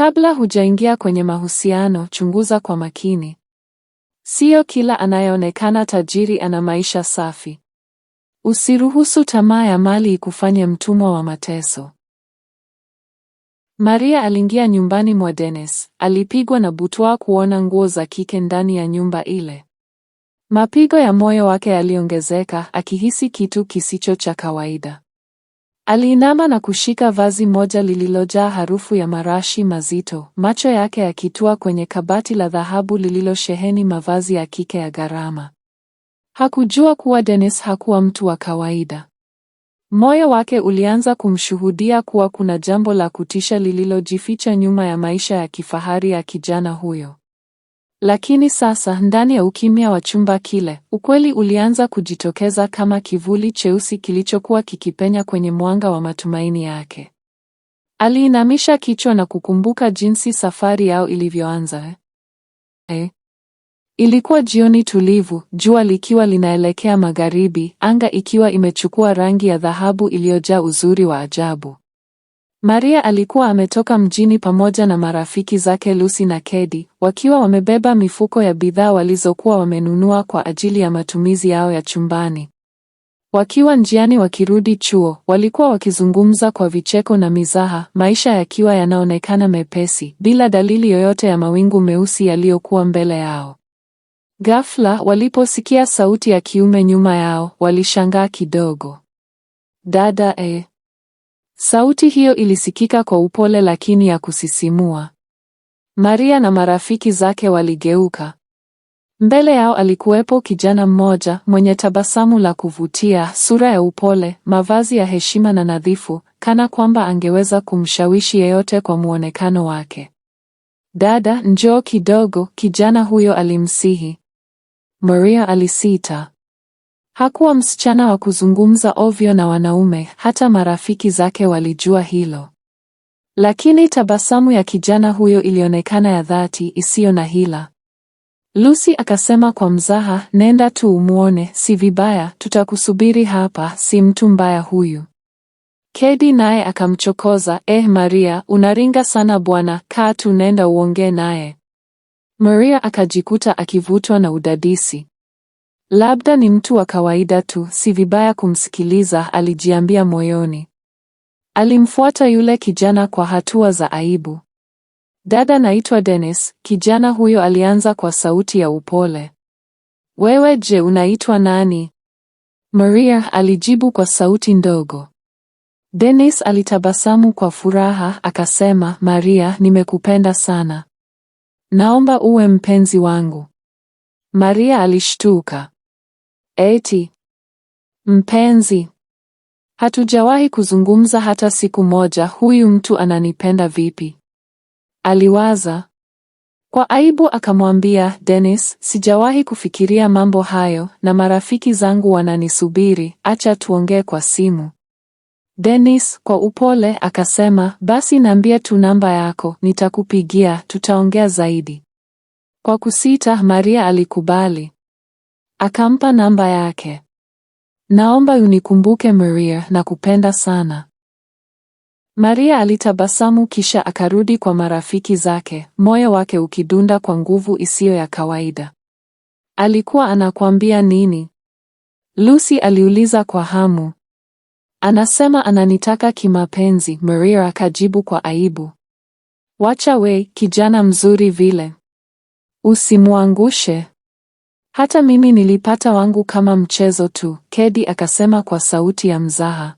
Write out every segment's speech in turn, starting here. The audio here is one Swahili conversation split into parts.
Kabla hujaingia kwenye mahusiano, chunguza kwa makini. Sio kila anayeonekana tajiri ana maisha safi. Usiruhusu tamaa ya mali ikufanye mtumwa wa mateso. Maria aliingia nyumbani mwa Dennis, alipigwa na butwa kuona nguo za kike ndani ya nyumba ile. Mapigo ya moyo wake yaliongezeka, akihisi kitu kisicho cha kawaida. Aliinama na kushika vazi moja lililojaa harufu ya marashi mazito, macho yake yakitua kwenye kabati la dhahabu lililosheheni mavazi ya kike ya gharama. Hakujua kuwa Dennis hakuwa mtu wa kawaida. Moyo wake ulianza kumshuhudia kuwa kuna jambo la kutisha lililojificha nyuma ya maisha ya kifahari ya kijana huyo. Lakini sasa ndani ya ukimya wa chumba kile, ukweli ulianza kujitokeza kama kivuli cheusi kilichokuwa kikipenya kwenye mwanga wa matumaini yake. Aliinamisha kichwa na kukumbuka jinsi safari yao ilivyoanza. Eh. Ilikuwa jioni tulivu, jua likiwa linaelekea magharibi, anga ikiwa imechukua rangi ya dhahabu iliyojaa uzuri wa ajabu. Maria alikuwa ametoka mjini pamoja na marafiki zake Lucy na Kedi, wakiwa wamebeba mifuko ya bidhaa walizokuwa wamenunua kwa ajili ya matumizi yao ya chumbani. Wakiwa njiani wakirudi chuo, walikuwa wakizungumza kwa vicheko na mizaha, maisha yakiwa yanaonekana mepesi, bila dalili yoyote ya mawingu meusi yaliyokuwa mbele yao. Ghafla, waliposikia sauti ya kiume nyuma yao, walishangaa kidogo. Dada eh. Sauti hiyo ilisikika kwa upole lakini ya kusisimua. Maria na marafiki zake waligeuka. Mbele yao alikuwepo kijana mmoja mwenye tabasamu la kuvutia, sura ya upole, mavazi ya heshima na nadhifu, kana kwamba angeweza kumshawishi yeyote kwa muonekano wake. Dada, njoo kidogo, kijana huyo alimsihi. Maria alisita. Hakuwa msichana wa kuzungumza ovyo na wanaume, hata marafiki zake walijua hilo. Lakini tabasamu ya kijana huyo ilionekana ya dhati, isiyo na hila. Lucy akasema kwa mzaha, nenda tu umwone, si vibaya, tutakusubiri hapa, si mtu mbaya huyu. Kedi naye akamchokoza, eh, Maria, unaringa sana bwana, kaa tu, nenda uongee naye. Maria akajikuta akivutwa na udadisi. Labda ni mtu wa kawaida tu, si vibaya kumsikiliza, alijiambia moyoni. Alimfuata yule kijana kwa hatua za aibu. Dada, naitwa Dennis, kijana huyo alianza kwa sauti ya upole. Wewe je, unaitwa nani? Maria, alijibu kwa sauti ndogo. Dennis alitabasamu kwa furaha akasema, Maria, nimekupenda sana, naomba uwe mpenzi wangu. Maria alishtuka. Eti mpenzi, hatujawahi kuzungumza hata siku moja, huyu mtu ananipenda vipi? Aliwaza kwa aibu, akamwambia Dennis, sijawahi kufikiria mambo hayo na marafiki zangu wananisubiri, acha tuongee kwa simu. Dennis kwa upole akasema, basi niambie tu namba yako, nitakupigia, tutaongea zaidi. Kwa kusita, Maria alikubali. Akampa namba yake. Naomba unikumbuke Maria, na kupenda sana. Maria alitabasamu kisha akarudi kwa marafiki zake, moyo wake ukidunda kwa nguvu isiyo ya kawaida. Alikuwa anakuambia nini? Lucy aliuliza kwa hamu. Anasema ananitaka kimapenzi, Maria akajibu kwa aibu. Wacha we, kijana mzuri vile. Usimwangushe. Hata mimi nilipata wangu kama mchezo tu, Kedi akasema kwa sauti ya mzaha.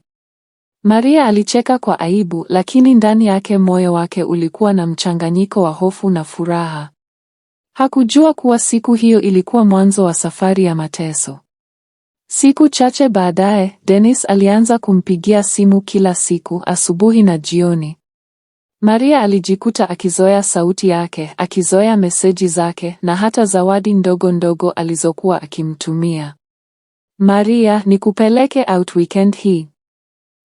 Maria alicheka kwa aibu, lakini ndani yake moyo wake ulikuwa na mchanganyiko wa hofu na furaha. Hakujua kuwa siku hiyo ilikuwa mwanzo wa safari ya mateso. Siku chache baadaye, Dennis alianza kumpigia simu kila siku, asubuhi na jioni. Maria alijikuta akizoea sauti yake, akizoea meseji zake na hata zawadi ndogo ndogo alizokuwa akimtumia. Maria, nikupeleke out weekend hii?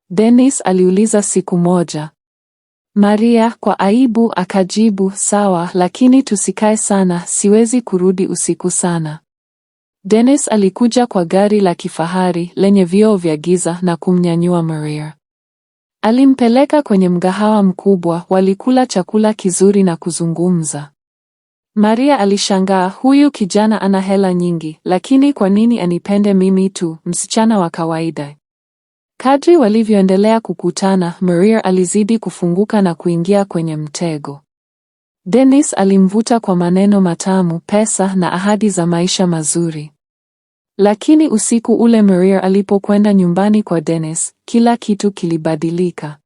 Dennis aliuliza siku moja. Maria kwa aibu akajibu, sawa, lakini tusikae sana, siwezi kurudi usiku sana. Dennis alikuja kwa gari la kifahari lenye vioo vya giza na kumnyanyua Maria. Alimpeleka kwenye mgahawa mkubwa, walikula chakula kizuri na kuzungumza. Maria alishangaa, huyu kijana ana hela nyingi, lakini kwa nini anipende mimi tu, msichana wa kawaida? Kadri walivyoendelea kukutana, Maria alizidi kufunguka na kuingia kwenye mtego. Dennis alimvuta kwa maneno matamu, pesa na ahadi za maisha mazuri. Lakini usiku ule Maria alipokwenda nyumbani kwa Dennis, kila kitu kilibadilika.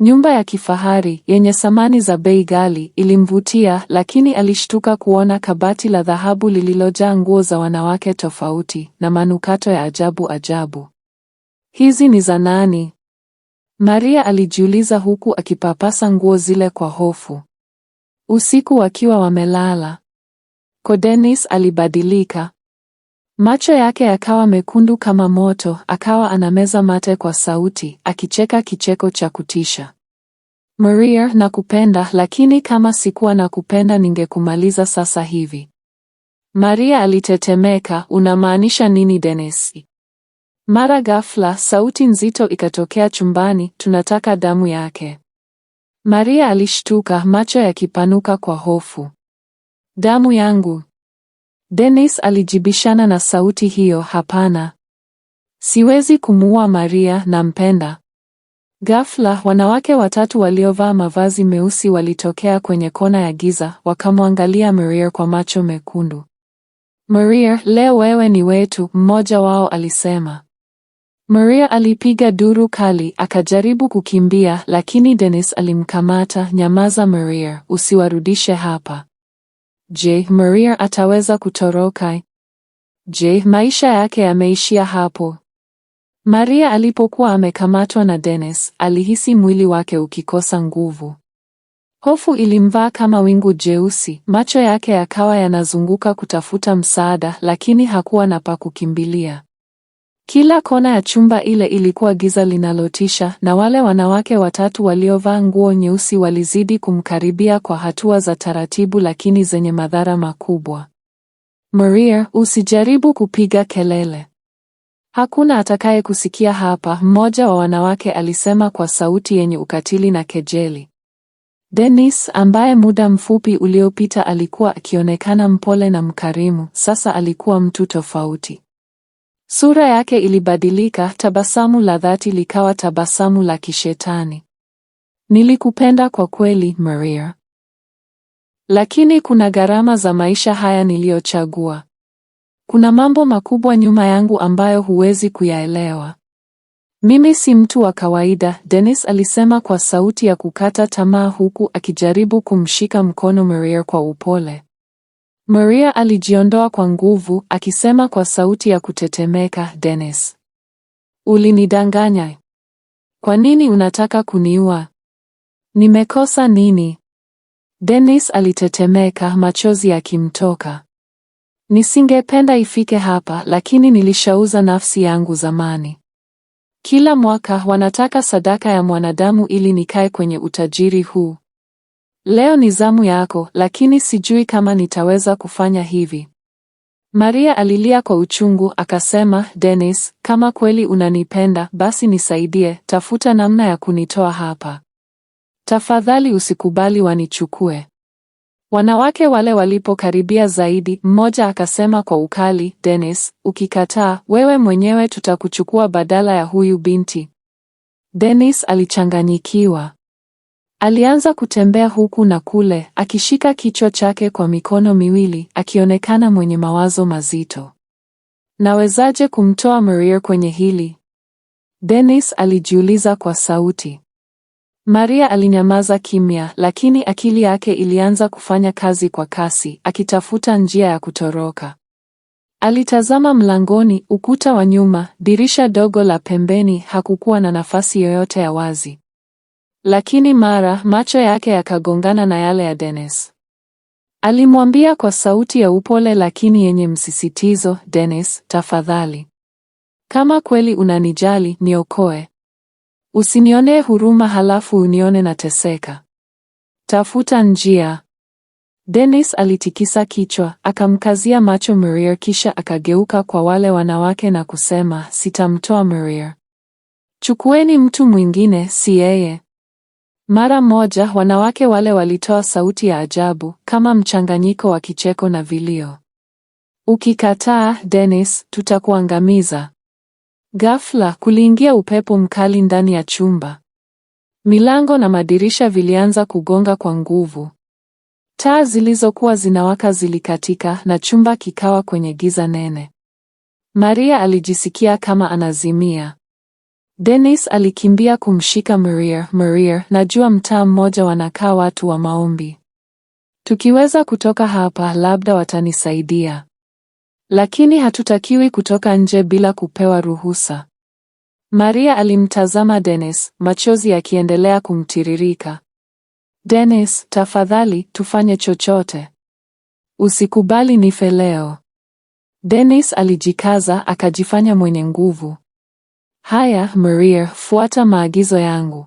Nyumba ya kifahari yenye samani za bei ghali ilimvutia, lakini alishtuka kuona kabati la dhahabu lililojaa nguo za wanawake tofauti na manukato ya ajabu ajabu. Hizi ni za nani? Maria alijiuliza huku akipapasa nguo zile kwa hofu. Usiku wakiwa wamelala, Kodenis alibadilika. Macho yake yakawa mekundu kama moto, akawa anameza mate kwa sauti, akicheka kicheko cha kutisha. Maria, nakupenda, lakini kama sikuwa nakupenda ningekumaliza sasa hivi. Maria alitetemeka, unamaanisha nini Denesi? Mara ghafla, sauti nzito ikatokea chumbani, tunataka damu yake. Maria alishtuka, macho yakipanuka kwa hofu. Damu yangu? Dennis alijibishana na sauti hiyo, hapana, siwezi kumuua Maria, nampenda. Ghafla wanawake watatu waliovaa mavazi meusi walitokea kwenye kona ya giza, wakamwangalia Maria kwa macho mekundu. Maria, leo wewe ni wetu, mmoja wao alisema. Maria alipiga duru kali, akajaribu kukimbia, lakini Dennis alimkamata. Nyamaza Maria, usiwarudishe hapa. Je, Maria ataweza kutoroka? Je, maisha yake yameishia hapo? Maria alipokuwa amekamatwa na Dennis, alihisi mwili wake ukikosa nguvu. Hofu ilimvaa kama wingu jeusi, macho yake yakawa yanazunguka kutafuta msaada, lakini hakuwa na pa kukimbilia. Kila kona ya chumba ile ilikuwa giza linalotisha, na wale wanawake watatu waliovaa nguo nyeusi walizidi kumkaribia kwa hatua za taratibu, lakini zenye madhara makubwa. Maria, usijaribu kupiga kelele, hakuna atakaye kusikia hapa, mmoja wa wanawake alisema kwa sauti yenye ukatili na kejeli. Dennis ambaye muda mfupi uliopita alikuwa akionekana mpole na mkarimu, sasa alikuwa mtu tofauti. Sura yake ilibadilika, tabasamu la dhati likawa tabasamu la kishetani. Nilikupenda kwa kweli, Maria. Lakini kuna gharama za maisha haya niliyochagua. Kuna mambo makubwa nyuma yangu ambayo huwezi kuyaelewa. Mimi si mtu wa kawaida, Dennis alisema kwa sauti ya kukata tamaa huku akijaribu kumshika mkono Maria kwa upole. Maria alijiondoa kwa nguvu, akisema kwa sauti ya kutetemeka, Dennis, ulinidanganya. Kwa nini unataka kuniua? Nimekosa nini? Dennis alitetemeka, machozi yakimtoka. Nisingependa ifike hapa, lakini nilishauza nafsi yangu zamani. Kila mwaka wanataka sadaka ya mwanadamu ili nikae kwenye utajiri huu. Leo ni zamu yako, lakini sijui kama nitaweza kufanya hivi. Maria alilia kwa uchungu akasema, Dennis, kama kweli unanipenda basi nisaidie, tafuta namna ya kunitoa hapa. Tafadhali usikubali wanichukue. Wanawake wale walipokaribia zaidi, mmoja akasema kwa ukali, Dennis, ukikataa wewe mwenyewe tutakuchukua badala ya huyu binti. Dennis alichanganyikiwa. Alianza kutembea huku na kule, akishika kichwa chake kwa mikono miwili, akionekana mwenye mawazo mazito. Nawezaje kumtoa Maria kwenye hili? Dennis alijiuliza kwa sauti. Maria alinyamaza kimya, lakini akili yake ilianza kufanya kazi kwa kasi, akitafuta njia ya kutoroka. Alitazama mlangoni, ukuta wa nyuma, dirisha dogo la pembeni, hakukuwa na nafasi yoyote ya wazi. Lakini mara macho yake yakagongana na yale ya Dennis. Alimwambia kwa sauti ya upole lakini yenye msisitizo, Dennis, tafadhali, kama kweli unanijali, niokoe. Usinionee huruma halafu unione nateseka. Tafuta njia. Dennis alitikisa kichwa, akamkazia macho Maria kisha akageuka kwa wale wanawake na kusema, sitamtoa Maria. Chukueni mtu mwingine, si yeye. Mara moja wanawake wale walitoa sauti ya ajabu kama mchanganyiko wa kicheko na vilio. Ukikataa Dennis, tutakuangamiza. Ghafla kuliingia upepo mkali ndani ya chumba. Milango na madirisha vilianza kugonga kwa nguvu. Taa zilizokuwa zinawaka zilikatika na chumba kikawa kwenye giza nene. Maria alijisikia kama anazimia. Dennis alikimbia kumshika Maria. Maria, najua mtaa mmoja wanakaa watu wa maombi, tukiweza kutoka hapa labda watanisaidia, lakini hatutakiwi kutoka nje bila kupewa ruhusa. Maria alimtazama Dennis, machozi yakiendelea kumtiririka. Dennis, tafadhali tufanye chochote, usikubali nife leo. Dennis alijikaza, akajifanya mwenye nguvu. Haya Maria, fuata maagizo yangu.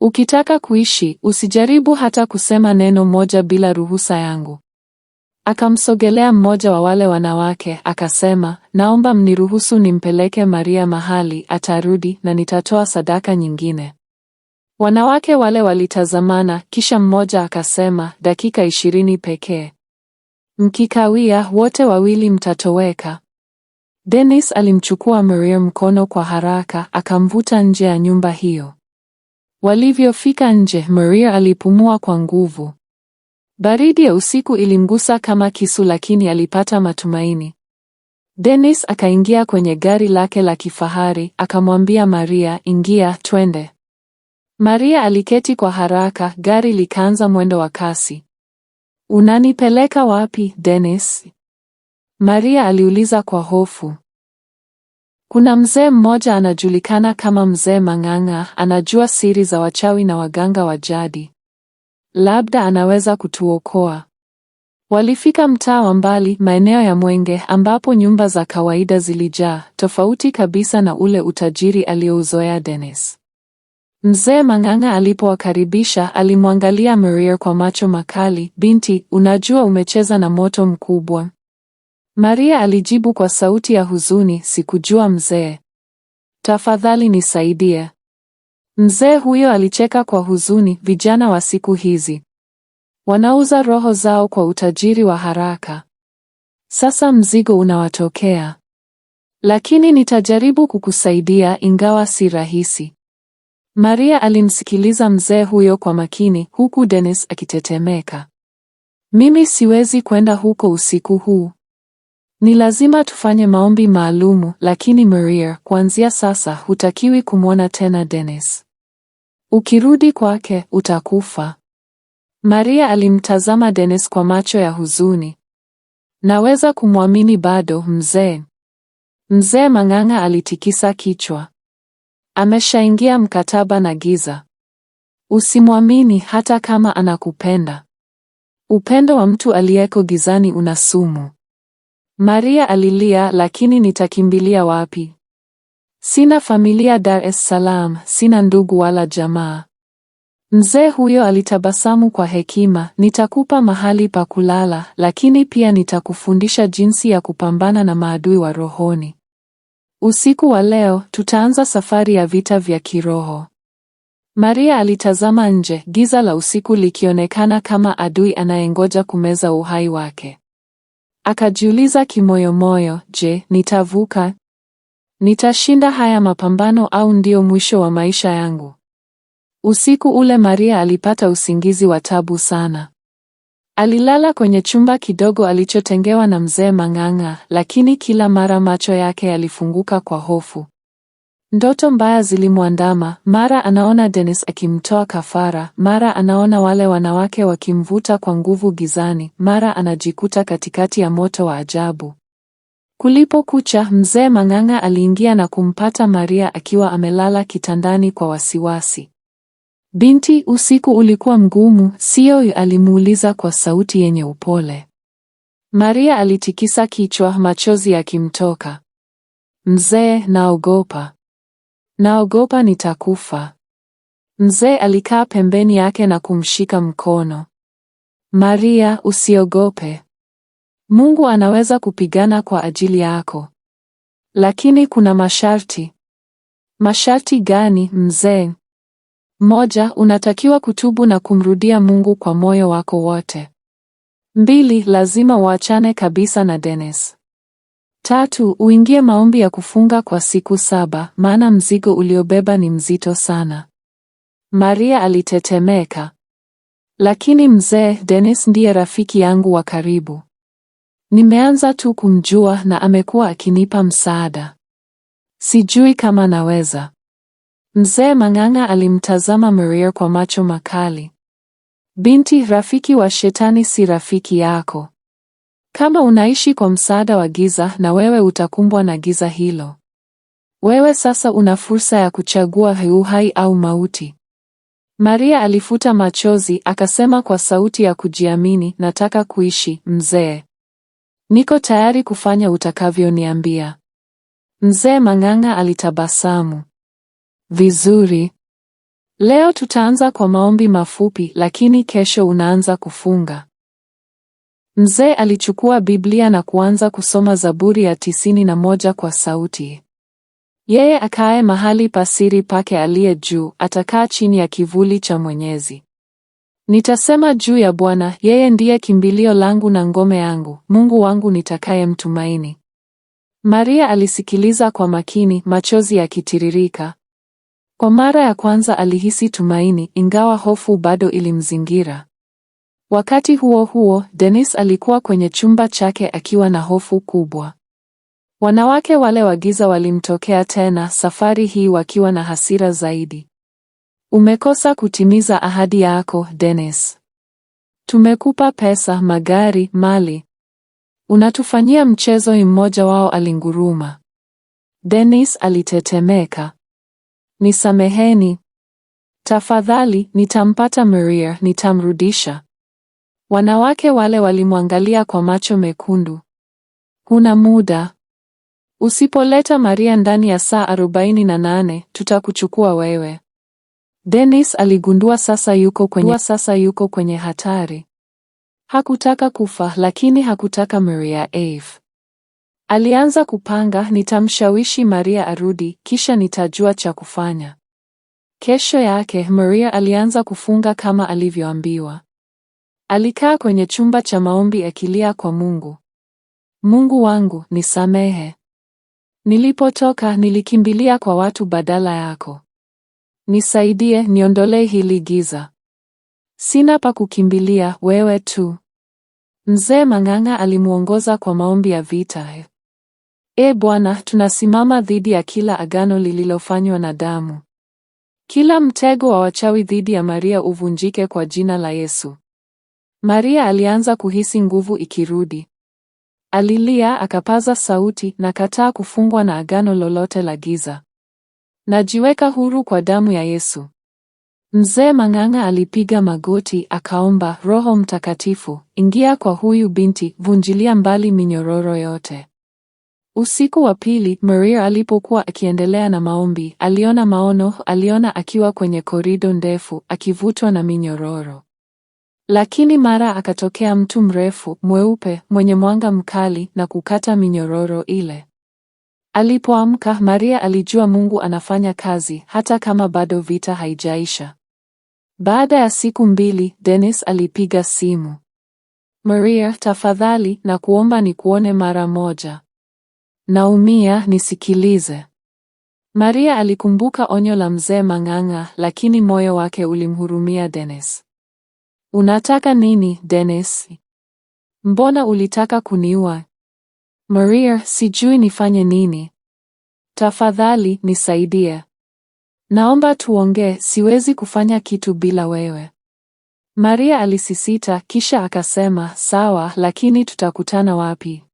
Ukitaka kuishi, usijaribu hata kusema neno moja bila ruhusa yangu. Akamsogelea mmoja wa wale wanawake akasema, naomba mniruhusu nimpeleke Maria mahali atarudi na nitatoa sadaka nyingine. Wanawake wale walitazamana, kisha mmoja akasema, dakika ishirini pekee. Mkikawia wote wawili mtatoweka. Dennis alimchukua Maria mkono kwa haraka, akamvuta nje ya nyumba hiyo. Walivyofika nje, Maria alipumua kwa nguvu. Baridi ya usiku ilimgusa kama kisu, lakini alipata matumaini. Dennis akaingia kwenye gari lake la kifahari, akamwambia Maria, ingia twende. Maria aliketi kwa haraka, gari likaanza mwendo wa kasi. Unanipeleka wapi, Dennis? Maria aliuliza kwa hofu. Kuna mzee mmoja anajulikana kama Mzee Mang'ang'a, anajua siri za wachawi na waganga wa jadi. Labda anaweza kutuokoa. Walifika mtaa wa mbali, maeneo ya Mwenge, ambapo nyumba za kawaida zilijaa, tofauti kabisa na ule utajiri aliyouzoea Dennis. Mzee Mang'ang'a alipowakaribisha, alimwangalia Maria kwa macho makali. Binti, unajua umecheza na moto mkubwa. Maria alijibu kwa sauti ya huzuni, sikujua mzee, tafadhali nisaidie. Mzee huyo alicheka kwa huzuni, vijana wa siku hizi wanauza roho zao kwa utajiri wa haraka. Sasa mzigo unawatokea, lakini nitajaribu kukusaidia, ingawa si rahisi. Maria alimsikiliza mzee huyo kwa makini, huku Dennis akitetemeka. Mimi siwezi kwenda huko usiku huu, ni lazima tufanye maombi maalumu, lakini Maria, kuanzia sasa hutakiwi kumwona tena Dennis. Ukirudi kwake utakufa. Maria alimtazama Dennis kwa macho ya huzuni. Naweza kumwamini bado, mzee? Mzee Mang'ang'a alitikisa kichwa. Ameshaingia mkataba na giza. Usimwamini hata kama anakupenda. Upendo wa mtu aliyeko gizani una sumu. Maria alilia, lakini nitakimbilia wapi? Sina familia Dar es Salaam, sina ndugu wala jamaa. Mzee huyo alitabasamu kwa hekima, nitakupa mahali pa kulala, lakini pia nitakufundisha jinsi ya kupambana na maadui wa rohoni. Usiku wa leo tutaanza safari ya vita vya kiroho. Maria alitazama nje, giza la usiku likionekana kama adui anayengoja kumeza uhai wake. Akajiuliza kimoyomoyo, je, nitavuka? Nitashinda haya mapambano au ndio mwisho wa maisha yangu? Usiku ule Maria alipata usingizi wa tabu sana. Alilala kwenye chumba kidogo alichotengewa na mzee Mang'ang'a, lakini kila mara macho yake yalifunguka kwa hofu. Ndoto mbaya zilimwandama. Mara anaona Dennis akimtoa kafara, mara anaona wale wanawake wakimvuta kwa nguvu gizani, mara anajikuta katikati ya moto wa ajabu. kulipo kucha mzee Mang'ang'a aliingia na kumpata Maria akiwa amelala kitandani kwa wasiwasi. Binti, usiku ulikuwa mgumu, sio? alimuuliza kwa sauti yenye upole. Maria alitikisa kichwa, machozi yakimtoka. Mzee, naogopa. Naogopa nitakufa. Mzee alikaa pembeni yake na kumshika mkono. Maria, usiogope. Mungu anaweza kupigana kwa ajili yako. Lakini kuna masharti. Masharti gani, mzee? Moja, unatakiwa kutubu na kumrudia Mungu kwa moyo wako wote. Mbili, lazima uachane kabisa na Dennis. Tatu, uingie maombi ya kufunga kwa siku saba, maana mzigo uliobeba ni mzito sana. Maria alitetemeka. Lakini mzee Dennis ndiye rafiki yangu wa karibu. Nimeanza tu kumjua na amekuwa akinipa msaada. Sijui kama naweza. Mzee Mang'ang'a alimtazama Maria kwa macho makali. Binti, rafiki wa shetani si rafiki yako. Kama unaishi kwa msaada wa giza, na wewe utakumbwa na giza hilo. Wewe sasa una fursa ya kuchagua uhai au mauti. Maria alifuta machozi, akasema kwa sauti ya kujiamini, nataka kuishi mzee, niko tayari kufanya utakavyoniambia. Mzee Mang'ang'a alitabasamu. Vizuri, leo tutaanza kwa maombi mafupi, lakini kesho unaanza kufunga. Mzee alichukua Biblia na kuanza kusoma Zaburi ya tisini na moja kwa sauti. Yeye akae mahali pasiri pake aliye juu, atakaa chini ya kivuli cha Mwenyezi. Nitasema juu ya Bwana, yeye ndiye kimbilio langu na ngome yangu, Mungu wangu nitakayemtumaini. Maria alisikiliza kwa makini, machozi yakitiririka. Kwa mara ya kwanza alihisi tumaini, ingawa hofu bado ilimzingira. Wakati huo huo, Dennis alikuwa kwenye chumba chake akiwa na hofu kubwa. Wanawake wale wa giza walimtokea tena, safari hii wakiwa na hasira zaidi. Umekosa kutimiza ahadi yako, Dennis. Tumekupa pesa, magari, mali. Unatufanyia mchezo, mmoja wao alinguruma. Dennis alitetemeka. Nisameheni. Tafadhali, nitampata Maria, nitamrudisha. Wanawake wale walimwangalia kwa macho mekundu. Huna muda. Usipoleta Maria ndani ya saa arobaini na nane, tutakuchukua wewe. Dennis aligundua sasa yuko kwenye, sasa yuko kwenye hatari. Hakutaka kufa lakini hakutaka Maria Eve. Alianza kupanga, nitamshawishi Maria arudi, kisha nitajua cha kufanya. Kesho yake Maria alianza kufunga kama alivyoambiwa. Alikaa kwenye chumba cha maombi akilia kwa Mungu. Mungu wangu, nisamehe. Nilipotoka nilikimbilia kwa watu badala yako. Nisaidie, niondolee hili giza. Sina pa kukimbilia, wewe tu. Mzee Mang'ang'a alimwongoza kwa maombi ya vita. E Bwana, tunasimama dhidi ya kila agano lililofanywa na damu. Kila mtego wa wachawi dhidi ya Maria uvunjike kwa jina la Yesu. Maria alianza kuhisi nguvu ikirudi. Alilia, akapaza sauti, na kataa kufungwa na agano lolote la giza, najiweka huru kwa damu ya Yesu. Mzee Mang'ang'a alipiga magoti akaomba, Roho Mtakatifu, ingia kwa huyu binti, vunjilia mbali minyororo yote. Usiku wa pili, Maria alipokuwa akiendelea na maombi, aliona maono. Aliona akiwa kwenye korido ndefu, akivutwa na minyororo. Lakini mara akatokea mtu mrefu mweupe mwenye mwanga mkali na kukata minyororo ile. Alipoamka, Maria alijua Mungu anafanya kazi hata kama bado vita haijaisha. Baada ya siku mbili, Dennis alipiga simu. Maria, tafadhali na kuomba nikuone mara moja. Naumia, nisikilize. Maria alikumbuka onyo la mzee Mang'ang'a, lakini moyo wake ulimhurumia Dennis. Unataka nini, Dennis? Mbona ulitaka kuniua? Maria, sijui nifanye nini. Tafadhali nisaidie. Naomba tuongee, siwezi kufanya kitu bila wewe. Maria alisisita kisha akasema, sawa, lakini tutakutana wapi?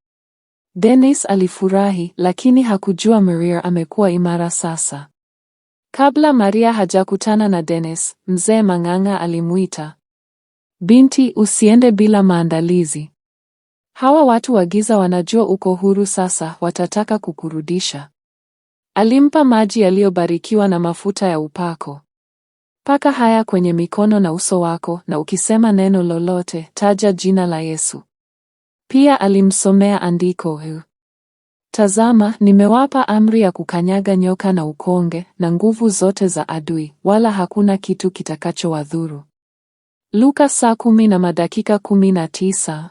Dennis alifurahi lakini hakujua Maria amekuwa imara sasa. Kabla Maria hajakutana na Dennis, mzee Mang'ang'a alimuita. Binti, usiende bila maandalizi. Hawa watu wa giza wanajua uko huru sasa, watataka kukurudisha. Alimpa maji yaliyobarikiwa na mafuta ya upako. Paka haya kwenye mikono na uso wako, na ukisema neno lolote, taja jina la Yesu. Pia alimsomea andiko huu: Tazama, nimewapa amri ya kukanyaga nyoka na ukonge na nguvu zote za adui, wala hakuna kitu kitakachowadhuru. Luka saa kumi na madakika kumi na tisa.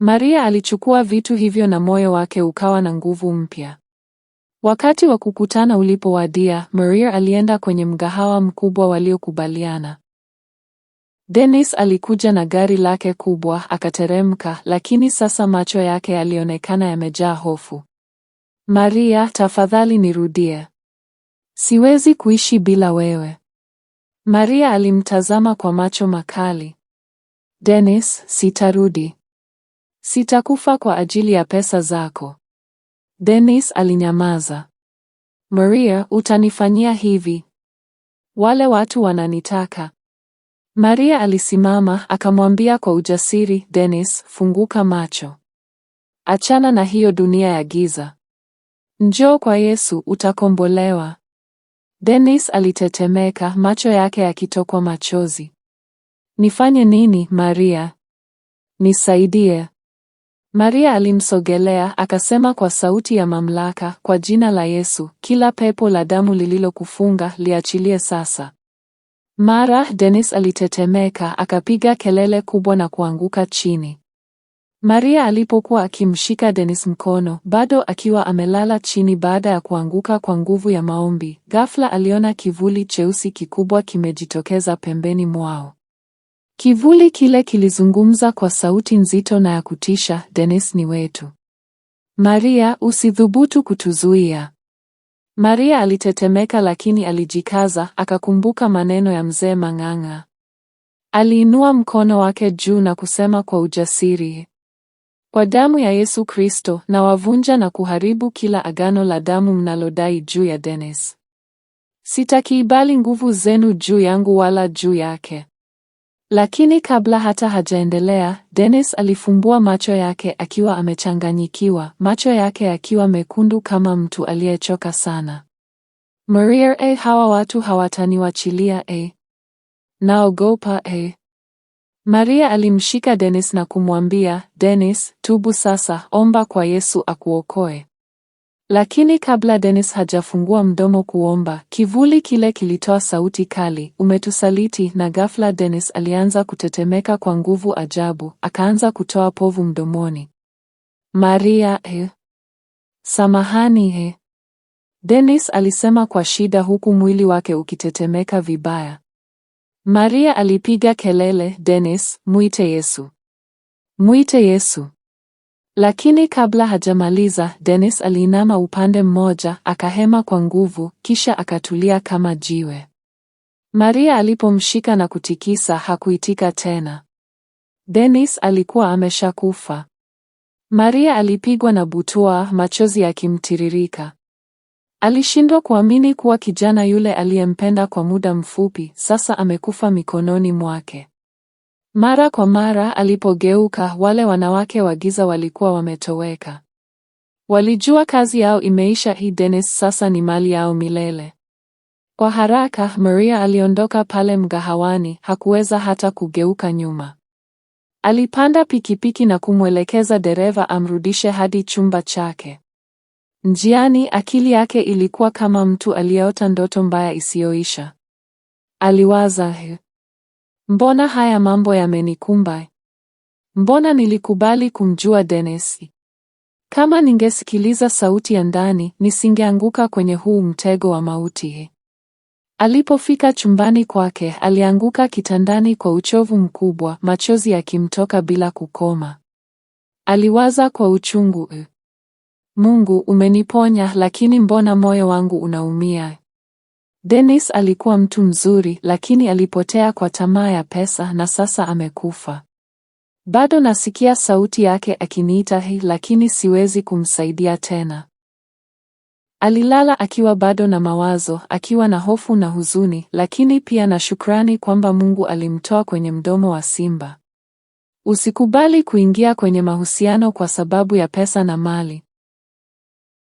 Maria alichukua vitu hivyo na moyo wake ukawa na nguvu mpya. Wakati wa kukutana ulipowadia, Maria alienda kwenye mgahawa mkubwa waliokubaliana. Dennis alikuja na gari lake kubwa, akateremka, lakini sasa macho yake yalionekana yamejaa hofu. Maria, tafadhali nirudie. Siwezi kuishi bila wewe. Maria alimtazama kwa macho makali. Dennis, sitarudi. Sitakufa kwa ajili ya pesa zako. Dennis alinyamaza. Maria, utanifanyia hivi? Wale watu wananitaka. Maria alisimama akamwambia kwa ujasiri, Dennis, funguka macho. Achana na hiyo dunia ya giza. Njoo kwa Yesu utakombolewa. Dennis alitetemeka, macho yake yakitokwa machozi. Nifanye nini Maria? Nisaidie. Maria alimsogelea akasema kwa sauti ya mamlaka, kwa jina la Yesu, kila pepo la damu lililokufunga liachilie sasa. Mara Dennis alitetemeka, akapiga kelele kubwa na kuanguka chini. Maria alipokuwa akimshika Dennis mkono, bado akiwa amelala chini baada ya kuanguka kwa nguvu ya maombi, ghafla aliona kivuli cheusi kikubwa kimejitokeza pembeni mwao. Kivuli kile kilizungumza kwa sauti nzito na ya kutisha, Dennis ni wetu. Maria, usidhubutu kutuzuia. Maria alitetemeka lakini alijikaza, akakumbuka maneno ya Mzee Mang'ang'a. Aliinua mkono wake juu na kusema kwa ujasiri, kwa damu ya Yesu Kristo, na wavunja na kuharibu kila agano la damu mnalodai juu ya Dennis. Sitakiibali nguvu zenu juu yangu wala juu yake. Lakini kabla hata hajaendelea, Dennis alifumbua macho yake akiwa amechanganyikiwa, macho yake akiwa mekundu kama mtu aliyechoka sana. Maria, eh, hawa watu hawataniwachilia eh. Naogopa eh. Maria alimshika Dennis na kumwambia, Dennis, tubu sasa, omba kwa Yesu akuokoe. Lakini kabla Dennis hajafungua mdomo kuomba, kivuli kile kilitoa sauti kali, umetusaliti, na ghafla Dennis alianza kutetemeka kwa nguvu ajabu, akaanza kutoa povu mdomoni. Maria, eh. Samahani, eh. Dennis alisema kwa shida huku mwili wake ukitetemeka vibaya. Maria alipiga kelele, Dennis, mwite Yesu, mwite Yesu. Lakini kabla hajamaliza, Dennis aliinama upande mmoja, akahema kwa nguvu, kisha akatulia kama jiwe. Maria alipomshika na kutikisa, hakuitika tena. Dennis alikuwa ameshakufa. Maria alipigwa na butwaa, machozi yakimtiririka. Alishindwa kuamini kuwa kijana yule aliyempenda kwa muda mfupi sasa amekufa mikononi mwake. Mara kwa mara alipogeuka, wale wanawake wa giza walikuwa wametoweka. Walijua kazi yao imeisha, hii Dennis sasa ni mali yao milele. Kwa haraka Maria aliondoka pale mgahawani, hakuweza hata kugeuka nyuma. Alipanda pikipiki na kumwelekeza dereva amrudishe hadi chumba chake. Njiani akili yake ilikuwa kama mtu aliyeota ndoto mbaya isiyoisha. Aliwaza he, mbona haya mambo yamenikumba? Mbona nilikubali kumjua Dennis? Kama ningesikiliza sauti ya ndani, nisingeanguka kwenye huu mtego wa mauti he. Alipofika chumbani kwake, alianguka kitandani kwa uchovu mkubwa, machozi yakimtoka bila kukoma. Aliwaza kwa uchungu he. Mungu umeniponya, lakini mbona moyo wangu unaumia? Dennis alikuwa mtu mzuri, lakini alipotea kwa tamaa ya pesa na sasa amekufa. Bado nasikia sauti yake akiniita hii, lakini siwezi kumsaidia tena. Alilala akiwa bado na mawazo, akiwa na hofu na huzuni, lakini pia na shukrani kwamba Mungu alimtoa kwenye mdomo wa simba. Usikubali kuingia kwenye mahusiano kwa sababu ya pesa na mali.